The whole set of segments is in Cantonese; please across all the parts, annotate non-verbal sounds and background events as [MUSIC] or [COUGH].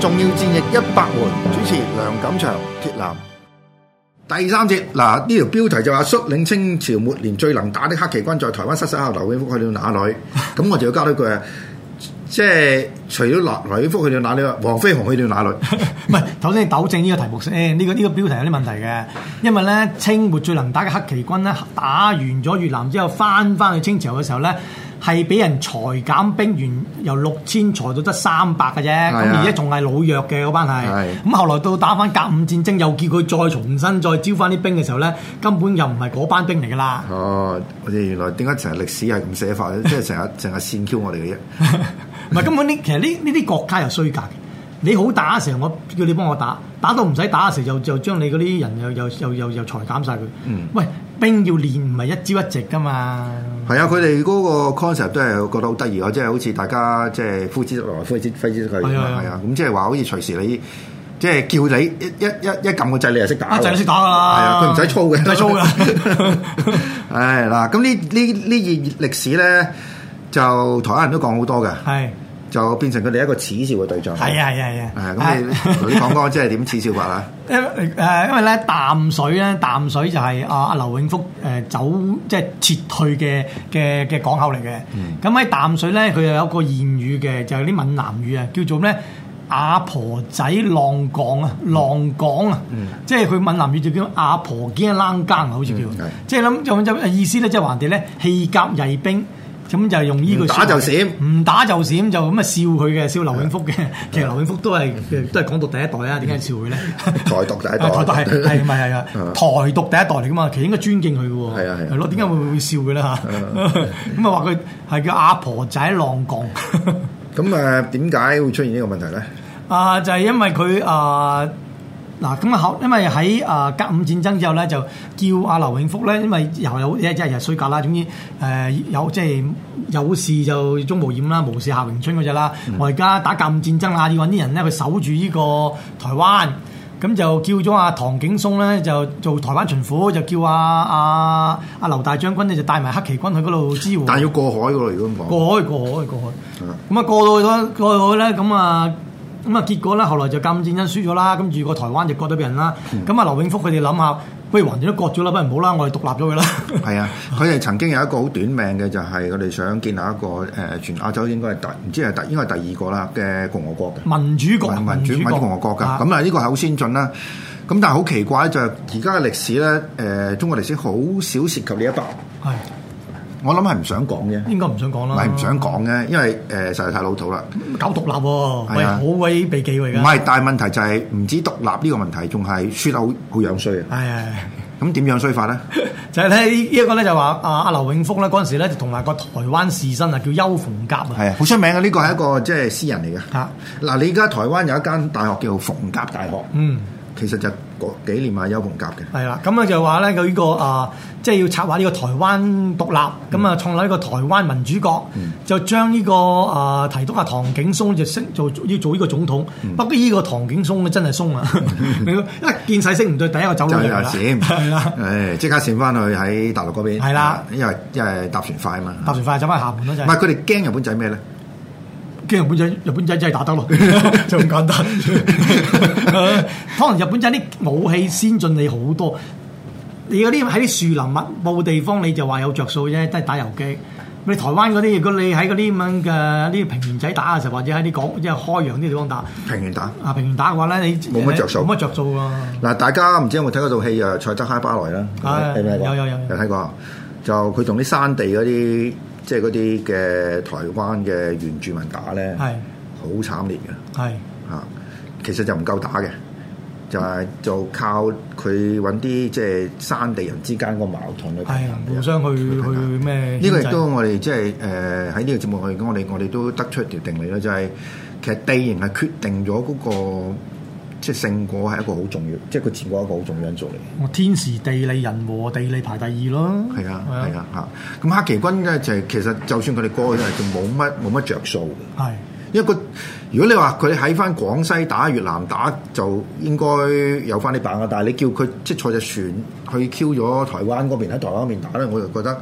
重要戰役一百回，主持梁錦祥、鐵男。第三節嗱，呢條標題就話率領清朝末年最能打的黑旗軍在台灣失手後，劉永福去了哪裡？咁 [LAUGHS] 我就要加多句啊，即係除咗劉永福去了哪裡，黃飛鴻去了哪裡？唔係，頭先你糾正呢個題目先，呢、哎這個呢、這個標題有啲問題嘅，因為咧清末最能打嘅黑旗軍咧，打完咗越南之後，翻翻去清朝嘅時候咧。係畀人裁減兵員，由六千裁到得三百嘅啫。咁是的 而家仲係老弱嘅嗰班係。咁是的 後來到打返甲午戰爭，又叫佢再重新再招返啲兵嘅時候咧，根本就唔係嗰班兵嚟噶啦。哦，我哋原來點解成日歷史係咁寫法咧？ [LAUGHS] 即係成日成日跣 Q 我哋嘅啫。唔係根本呢，其實呢呢啲國家又衰格嘅。你好打嘅時候，我叫你幫我打，打到唔使打嘅時候，又又將你嗰啲人又又又又又裁減晒佢。嗯，喂，兵要練唔係一朝一夕噶嘛？係啊，佢哋嗰個 concept 都係覺得好得意啊，即係好似大家即係呼之則來，揮之揮之則去啊，係啊，咁即係話好似隨時你即係叫你一一一撳個掣，你就識打㗎，掣你識打㗎啦，係啊，佢唔使操嘅，唔使操嘅。係嗱，咁呢呢呢段歷史咧，就台灣人都講好多㗎。係。就變成佢哋一個恥笑嘅對象。係啊係啊係啊。咁、啊，啊嗯、你同啲講講 [LAUGHS] 即係點恥笑法啊？誒因為咧淡水咧，淡水就係阿阿劉永福誒走即係、就是、撤退嘅嘅嘅港口嚟嘅。咁喺、嗯、淡水咧，佢又有個諺語嘅，就係啲閩南語啊，叫做咩？阿婆仔浪港啊，嗯、浪港啊，即係佢閩南語就叫阿婆堅冷更好似叫。即係諗就就意思咧、就是，即係話人哋咧氣甲易冰，咁就係用依句打就閃，唔打就閃就咁啊！笑佢嘅，笑劉永福嘅。其實劉永福都係都係港獨第一代啦。點解笑佢咧？台獨第一代，台獨係係咪係啊？台獨第一代嚟噶嘛？其實應該尊敬佢嘅喎。係啊係。係咯，點解會會笑佢咧嚇？咁啊話佢係叫阿婆仔浪共。咁啊，點解會出現呢個問題咧？啊，就係因為佢啊。嗱，咁啊後，因為喺啊甲午戰爭之後咧，就叫阿劉永福咧，因為又有，有日日日衰格啦，總之誒有即係、就是、有事就鍾無艷啦，無事夏迎春嗰隻啦。我而家打甲午戰爭啊，要揾啲人咧去守住呢個台灣。咁就叫咗阿唐景崧咧，就做台灣巡撫，就叫阿阿阿劉大將軍咧，就帶埋黑旗軍去嗰度支援。但係要過海嘅喎，如果咁講。過海過海過海，咁啊過到去咗過海咧，咁啊、嗯。咁啊，結果咧，後來就甲午戰爭輸咗啦，跟住個台灣就割咗俾人啦。咁啊，劉永福佢哋諗下，不如橫掂都割咗啦，不如唔好啦，我哋獨立咗佢啦。係啊，佢哋 [LAUGHS] 曾經有一個好短命嘅，就係佢哋想建立一個誒全亞洲應該係第唔知係第應該係第二個啦嘅共和國嘅民主國民主民，民主共和國㗎。咁啊，呢個係好先進啦。咁但係好奇怪就係而家嘅歷史咧，誒、呃、中國歷史好少涉及呢一筆。係。我諗係唔想講嘅，應該唔想講啦。唔係唔想講嘅，因為誒、呃、實在太老土啦。搞獨立，係啊的，好鬼避忌喎而家。唔係，是但係問題就係唔止獨立呢個問題仲係輸得好好、哎、呀樣衰 [LAUGHS] 啊！係、嗯、啊，咁點樣衰法咧？就係睇一個咧，就話阿阿劉永福咧，嗰陣時咧就同埋個台灣士紳啊，叫邱逢甲啊，係啊，好出名嘅呢個係一個即係詩人嚟嘅。吓嗱，你而家台灣有一間大學叫做逢甲大學。嗯。其實就過幾年買優盤夾嘅，係啦，咁啊、呃、就話咧佢呢個啊，即係要策劃呢個台灣獨立，咁啊創立呢個台灣民主國，就將呢個啊，提督阿唐景松就升做要做呢個總統。不過呢個唐景松咧真係鬆啊，因 [LAUGHS] 為見世識唔對，第一個走落嚟啦，閃係啦 hil，誒即刻閃翻去喺大陸嗰邊，係啦，因為因為搭船快啊嘛，搭船快走翻廈門嗰陣，唔係佢哋驚日本仔咩咧？日本仔，日本仔真係打得咯，就咁簡單。可能日本仔啲武器先進你好多，你嗰啲喺啲樹林密佈地方，你就話有着數啫，都係打遊擊。你台灣嗰啲，如果你喺嗰啲咁樣嘅一啲平原仔打嘅時候，或者喺啲廣即係開陽啲地方打平原打啊，平原打嘅話咧，你冇乜着數，冇乜着數喎。嗱，大家唔知有冇睇嗰套戲啊？《賽德哈巴萊》啦，有有有有睇過，就佢同啲山地嗰啲。即係嗰啲嘅台灣嘅原住民打咧，係好是慘烈嘅，係嚇是，其實就唔夠打嘅，就係、是、就靠佢搵啲即係山地人之間個矛盾咧，係啊，互相去去咩？呢個亦都我哋即係誒喺呢個節目我哋我哋都得出一條定理啦、就是，就係其實地形係決定咗嗰、那個。即係勝果係一個好重要，即係佢佔過一個好重要因素嚟。我天時地利人和，地利排第二咯。係啊，係啊，嚇、啊！咁黑旗軍咧就係、是、其實就算佢哋過去都係冇乜冇乜着數。係、就、一、是是那個如果你話佢喺翻廣西打越南打，就應該有翻啲辦啊！但係你叫佢即係坐隻船去 Q 咗台灣嗰邊喺台灣邊打咧，我就覺得。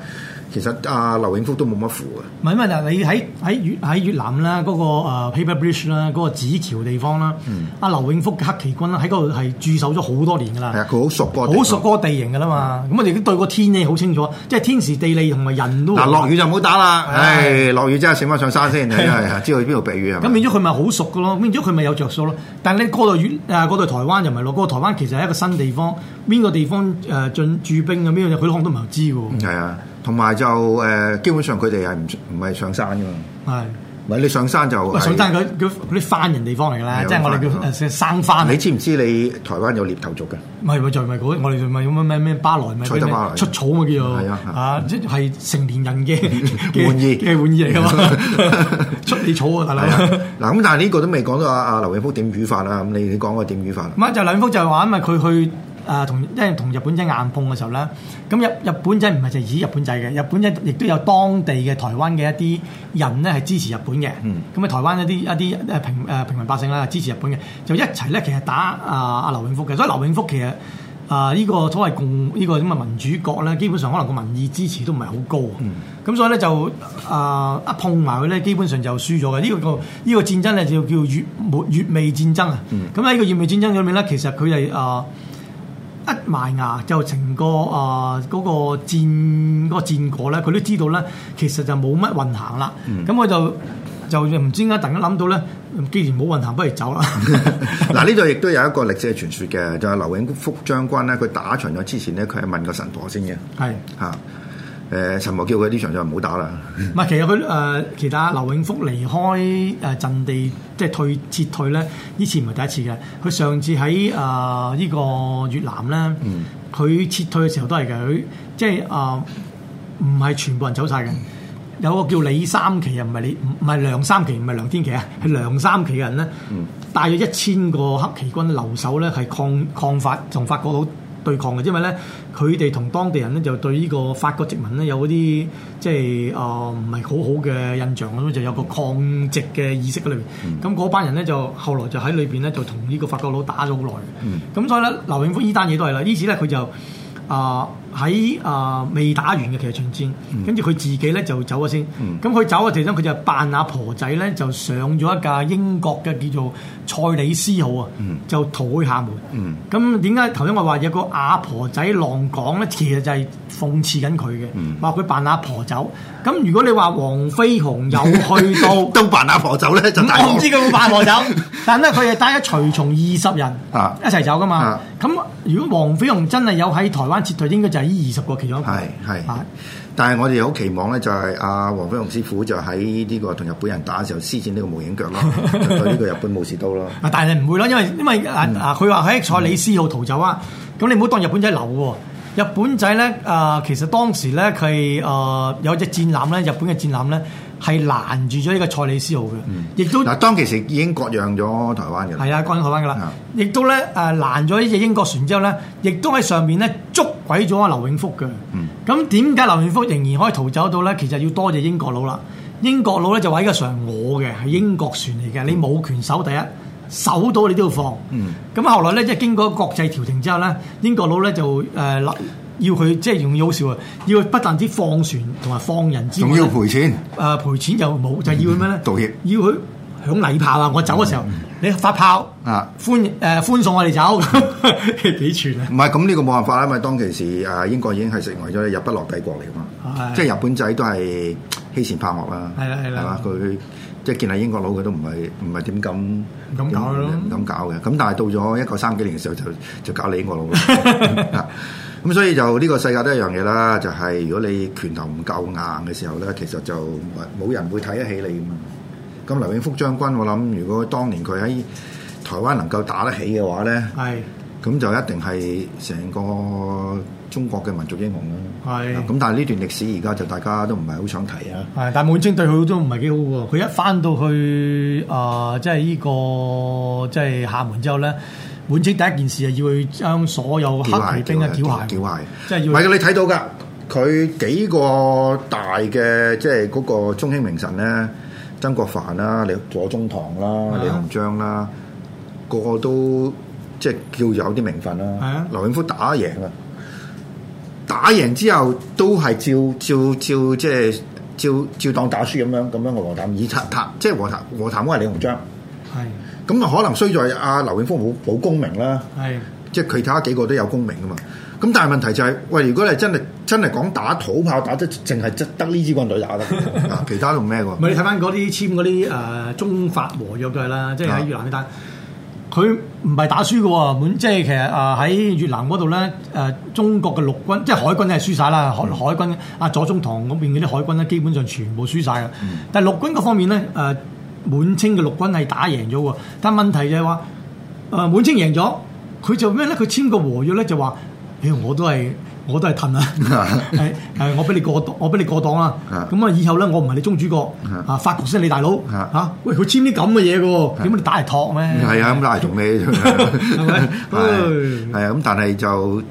其實阿、啊、劉永福都冇乜符嘅，唔係因為嗱，你喺喺越喺越南啦，嗰、那個、呃、Paper Bridge 啦，嗰個紙橋地方啦，阿、嗯、劉永福嘅黑旗軍喺嗰度係駐守咗好多年噶啦，係啊，佢好熟好熟嗰個地形噶啦嘛，咁、嗯、我哋都對個天氣好清楚，即係天時地利同埋人都嗱落、啊、雨就唔好打啦，唉，落雨之後上翻上山先，係啊的，的知道邊度避雨係咁變咗佢咪好熟嘅咯，變咗佢咪有着數咯。但係你過到越台灣就唔係咯，嗰個台灣其實係一個新地方，邊個地方誒進駐兵咁樣，佢都可能唔係知嘅喎。啊。同埋就誒，基本上佢哋係唔唔係上山噶嘛？係是，唔係你上山就上、是、山，佢啲番人地方嚟噶啦，即係我哋叫生番。你知唔知你台灣有獵頭族嘅？唔係，咪，就唔我哋咪有咩咩巴萊咩出草嘛叫做啊，即係成年人嘅玩意嘅玩意嚟噶嘛，出你草啊大佬！嗱咁，但係呢個都未講到阿啊！劉永福點煮法啊？咁你你講個點煮法？唔係就劉永福就係話咪佢去。誒同即係同日本仔硬碰嘅時候咧，咁日日本仔唔係就以日本仔嘅，日本仔亦都有當地嘅台灣嘅一啲人咧係支持日本嘅，咁啊、嗯、台灣一啲一啲誒平誒平民百姓啦支持日本嘅，就一齊咧其實打阿阿劉永福嘅，所以劉永福其實啊呢、呃這個所謂共呢、這個咁嘅民主國咧，基本上可能個民意支持都唔係好高，咁、嗯、所以咧就啊一、呃、碰埋佢咧，基本上就輸咗嘅。呢、這個呢、這個戰爭咧就叫乙乙未戰爭啊，咁喺呢個乙未戰爭裏面咧，其實佢係啊～、呃一埋牙就成個啊嗰、呃那個戰嗰、那個、果咧，佢都知道咧，其實就冇乜運行啦。咁、嗯、我就就唔知點解突然間諗到咧，既然冇運行，不如走啦。嗱，呢度亦都有一個歷史嘅傳説嘅，就係、是、劉永福將軍咧，佢打巡咗之前咧，佢係問過神婆先嘅。係是的 啊。誒陳某叫佢呢場就唔好打啦。唔、呃、係，其實佢誒其他劉永福離開誒陣地，即係退撤退咧，呢次唔係第一次嘅。佢上次喺誒呢個越南咧，佢、嗯、撤退嘅時候都係嘅。佢即係誒唔係全部人走晒嘅，嗯、有個叫李三奇啊，唔係李唔係梁三奇，唔係梁天奇啊，係梁三奇嘅人咧，嗯、大約一千個黑旗軍留守咧，係抗抗法，仲發覺到。對抗嘅，因為咧佢哋同當地人咧就對呢個法國殖民咧有啲即係啊唔係好好嘅印象，咁就係、有個抗殖嘅意識喺裏邊。咁嗰班人咧就後來就喺裏邊咧就同呢個法國佬打咗好耐。咁、嗯、所以咧，劉永福呢單嘢都係啦。於是咧佢就。啊喺啊未打完嘅其實場戰，跟住佢自己咧就走咗先。咁佢、嗯、走嘅時候，佢就扮阿婆仔咧，就上咗一架英國嘅叫做塞里斯號啊，就逃去廈門。咁點解頭先我話有個阿婆仔浪講咧？其實就係諷刺緊佢嘅，話佢扮阿婆走。咁如果你話黃飛鴻有去到都 [LAUGHS] 扮阿婆走咧，就我唔知佢會扮阿婆走。 [LAUGHS] 但咧佢係帶咗隨從二十人一齊走噶嘛。咁、啊啊啊啊如果黃飛鴻真係有喺台灣撤退，應該就係呢二十個其中一個。係係，啊、但係我哋好期望咧，就係阿黃飛鴻師傅就喺呢個同日本人打嘅時候施展呢個無影腳咯，佢呢 [LAUGHS] 個日本武士刀咯。啊， [LAUGHS] 但係唔會咯，因為因為啊佢話喺塞里斯號逃走啊，咁、嗯、你唔好當日本仔流喎。日本仔咧啊，其實當時咧佢啊有隻戰艦咧，日本嘅戰艦咧。係攔住咗呢個賽里斯號嘅，亦、嗯、都嗱當其時已經割讓咗台灣嘅，係啊割台灣嘅啦，亦、嗯、都咧誒攔咗呢隻英國船之後咧，亦都喺上面咧捉鬼咗啊劉永福嘅。咁點解劉永福仍然可以逃走到咧？其實要多謝英國佬啦。英國佬咧就話呢個船我嘅係英國船嚟嘅，嗯、你冇權守第一，守到你都要放。咁、嗯、後來咧即係經過國際調停之後咧，英國佬咧就誒立。呃呃呃要佢即係容易好笑啊！要佢不但止放船同埋放人之外，仲要賠錢啊！賠錢又冇，就係要佢咩咧？道歉，要佢響禮炮啊。我走嘅時候，你發炮啊，歡誒歡送我哋走，幾串啊！唔係咁呢個冇辦法啊！因為當其時啊，英國已經係成為咗日不落帝國嚟噶嘛，即係日本仔都係欺善怕惡啦，係啦係啦，係嘛佢即係見係英國佬，佢都唔係唔係點敢咁搞咯，唔敢搞嘅。咁但係到咗一九三幾年嘅時候，就就搞你英國佬。咁所以就呢個世界都一樣嘢啦，就係如果你拳頭唔夠硬嘅時候咧，其實就冇人會睇得起你噶嘛。咁劉永福將軍，我諗如果當年佢喺台灣能夠打得起嘅話咧，係。咁就一定係成個中國嘅民族英雄啦。係。咁啊，但係呢段歷史而家就大家都唔係好想提啊。係。但滿清對佢都唔係幾好喎。佢一翻到去啊，即係呢個，即係廈門之後咧。滿清第一件事係要去將所有嘅，黑旗兵啊繳械，繳械，即係要。唔你睇到噶，佢幾個大嘅，即係嗰個中興名臣咧，曾國藩啦，李左宗棠啦，李鴻章啦，個個都即係叫有啲名分啦。係啊，劉永福打贏啊，打贏之後都係照照照，即係照照，照，照當打輸咁樣，咁樣和談以出，即係和談，和談嗰個係李鴻章。係的。咁啊，可能衰在阿劉永福冇冇功名啦，即係是的 其他幾個都有功名噶嘛。咁但係問題就係、是，喂，如果你真係真係講打土炮打，得係淨係得呢支軍隊打得，得隊， [LAUGHS] 其他用咩喎？ [LAUGHS] 你睇翻嗰啲簽嗰啲誒中法和約都係啦，即係喺越南嗰單，佢唔係打輸噶喎，即係其實誒喺越南嗰度咧，誒、呃、中國嘅陸軍即係海軍係輸晒啦，海、嗯、海軍阿左宗棠嗰邊嗰啲海軍咧，基本上全部輸晒嘅。但係陸軍嗰方面咧誒。呃呃滿清嘅陸軍係打贏咗喎，但係問題就係、是、話，誒、呃、滿清贏咗，佢就咩咧？佢簽個和約咧就話，誒、欸、我都係我都係褪 [LAUGHS] 啊，係係我俾你過，我俾你過檔啊，咁啊以後咧我唔係你宗主國，啊法國先係你大佬，吓、啊、喂佢簽啲咁嘅嘢喎，點解你打嚟，托咩？係啊咁拉嚟做咩？係啊咁但係就。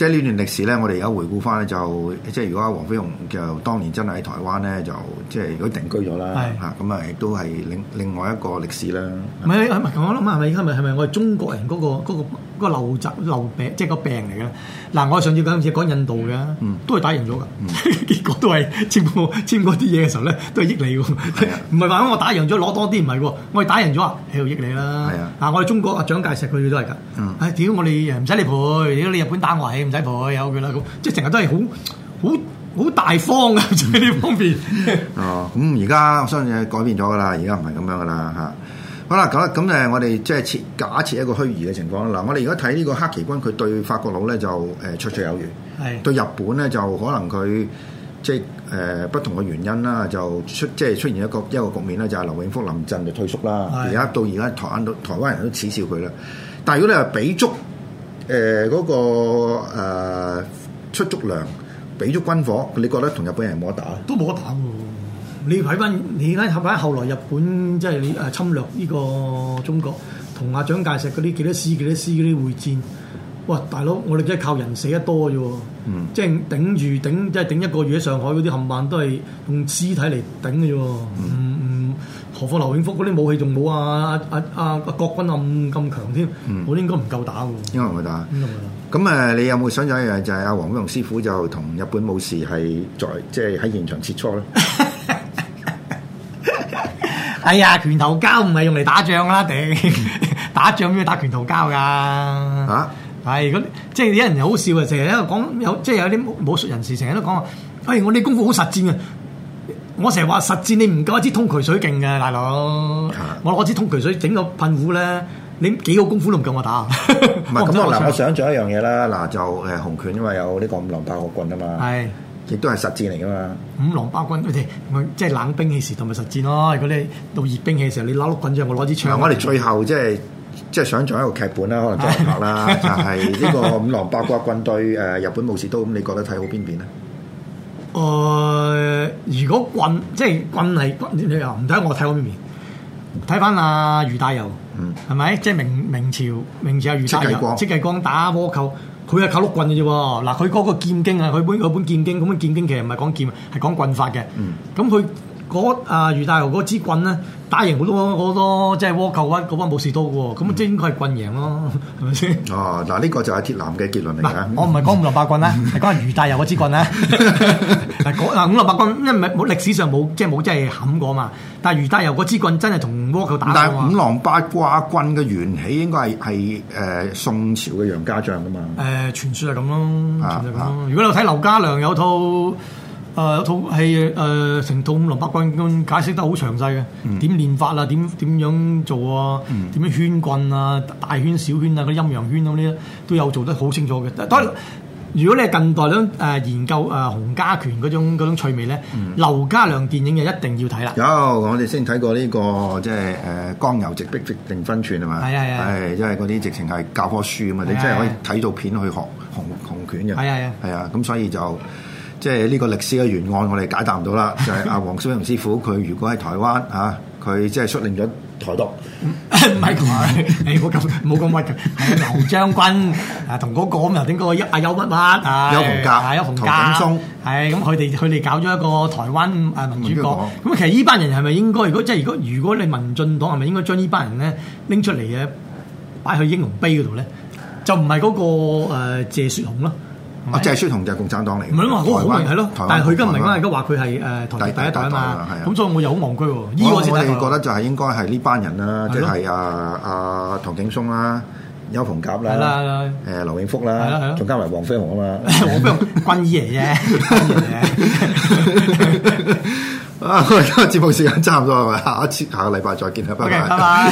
即係呢段歷史咧，我哋而家回顧翻咧，就即係如果阿黃飛鴻就當年真係喺台灣咧，就即係如果定居咗啦，嚇咁啊，亦都係另另外一個歷史啦。唔係，唔係，我諗係咪依家咪係咪我係中國人嗰個嗰個？嗰個個流疾流病即係個病嚟嘅，嗱我上次嗰陣時講印度嘅，嗯、都係打贏咗嘅，嗯、結果都係簽過簽過啲嘢嘅時候咧，都係益你嘅，唔係話我打贏咗攞多啲，唔係喎，我哋打贏咗啊，係益你啦，嗱我哋中國啊，蔣介石佢哋都係㗎，屌、嗯哎、我哋唔使你賠，如果你日本打我係唔使賠有佢啦，咁、okay、即係成日都係好好好大方嘅喺呢方面。 [LAUGHS] [LAUGHS] [LAUGHS] 哦，咁而家我相信改變咗㗎啦，而家唔係咁樣㗎啦嚇。好啦，咁咁誒，我哋即係設假設一個虛擬嘅情況啦。嗱，我哋而家睇呢個黑旗軍，佢對法國佬咧就誒綽綽有餘；是的 對日本咧就可能佢即係誒、呃、不同嘅原因啦，就出即係出現一個一個局面咧，就係、是、劉永福臨陣就退縮啦。而家是的 到而家台灣都台灣人都恥笑佢啦。但係如果你話俾足誒嗰、呃那個、呃、出足糧，俾足軍火，你覺得同日本人有冇得打？都冇得打。你睇翻，你睇合翻，後來日本即係誒侵略呢個中國，同阿蔣介石嗰啲幾多師幾多師嗰啲會戰，哇！大佬，我哋只係靠人死得多啫，即係、嗯、頂住頂，即、就、係、是、頂一個月喺上海嗰啲冚棒都係用屍體嚟頂嘅啫。嗯嗯，何況劉永福嗰啲武器仲冇阿阿阿國軍暗咁強添，嗯、我應該唔夠打喎。應該唔夠打。咁啊，你有冇想像一樣就係、是、阿黃永龍師傅就同日本武士係在即係喺現場切磋咧？ [LAUGHS] 哎呀，拳頭交唔係用嚟打仗啦，定打仗要打，打拳頭交噶？吓、啊，係咁、哎，即係啲人好笑啊，成日喺度講有，即係有啲武術人士成日都講話，哎，我哋功夫好實戰嘅，我成日話實戰你唔夠一支通渠水勁嘅大佬，我攞支通渠水整個噴壺咧，你幾個功夫都唔夠我打唔係咁我嗱， [LAUGHS] 嗯呃、我想象一樣嘢啦，嗱、呃、就誒洪拳因為、這個、嘛，有呢個五郎八卦棍啊嘛。亦都係實戰嚟噶嘛？五郎八軍佢哋，我即係冷兵器時同埋實戰咯。如果你到熱兵器嘅時候，你攞碌棍之後，我攞支槍。嗱、嗯，我哋最後即係即係想象一個劇本啦，可能都唔得啦。 [LAUGHS] 就係呢個五郎八卦棍對誒 [LAUGHS] 日本武士刀，咁你覺得睇好邊邊咧？誒、呃，如果棍即係棍嚟，你唔睇我睇好邊邊？睇翻阿俞大猷，嗯，係咪？即係明明朝明朝阿俞大猷，戚繼光，光打倭寇。佢係靠碌棍嘅啫，嗱，佢嗰個劍經啊，佢本佢本劍經咁樣劍經，經其實唔係講劍，係講棍法嘅，嗯，咁佢。嗰啊俞大猷嗰支棍咧打贏好多好多，即係倭寇嗰嗰班武士刀嘅，咁啊即係應該係棍贏咯，係咪先？哦，嗱、這、呢個就係鐵男嘅結論嚟嘅。我唔係講五郎八棍咧，係講阿俞大猷嗰支棍咧。嗱、嗯、 [LAUGHS] 五郎八棍，因為唔冇歷史上冇即係冇即係冚過嘛。但係俞大猷嗰支棍真係同倭寇打。但係五郎八卦棍嘅源起應該係係誒宋朝嘅楊家將啊嘛。誒、呃、傳説係咁咯，啊啊、如果你睇劉家良有套。誒有套戲誒，成套五龍八棍咁解釋得好詳細嘅，點練法啊，點點樣做啊，點樣圈棍啊，大圈小圈啊，嗰陰陽圈咁啲，都有做得好清楚嘅。當然，如果你係近代嗰種研究誒洪家拳嗰種趣味咧，劉家良電影就一定要睇啦。有我哋先睇過呢個即係誒《江油直逼直定分寸》啊嘛？係係係，因為嗰啲直情係教科書啊嘛，你真係可以睇到片去學洪洪拳嘅。係係係，係啊，咁所以就。即係呢個歷史嘅原案，我哋解答唔到啦。就係阿黃小龍師傅，佢如果喺台灣嚇，佢即係率領咗台獨，唔係，你冇咁冇咁屈嘅。劉將軍啊，同嗰個咁又點解？阿邱乜乜啊，邱鴻甲，邱鴻松，係咁。佢哋佢哋搞咗一個台灣民主國。咁其實呢班人係咪應該？如果即係如果如果你民進黨係咪應該將呢班人咧拎出嚟嘅擺去英雄碑嗰度咧？就唔係嗰個誒謝雪紅咯。我謝書同就共產黨嚟，咪咯，好明係咯。但係佢今日台灣而家話佢係誒台灣第一黨啊，咁所以我又好望居喎。依個先係。我哋覺得就係應該係呢班人啦，即係啊啊唐景松啦、邱逢甲啦、誒劉永福啦，仲加埋黃飛鴻啊嘛。我唔用軍衣嚟啫。啊，今日節目時間差唔多啦，下一次下個禮拜再見啦，拜拜。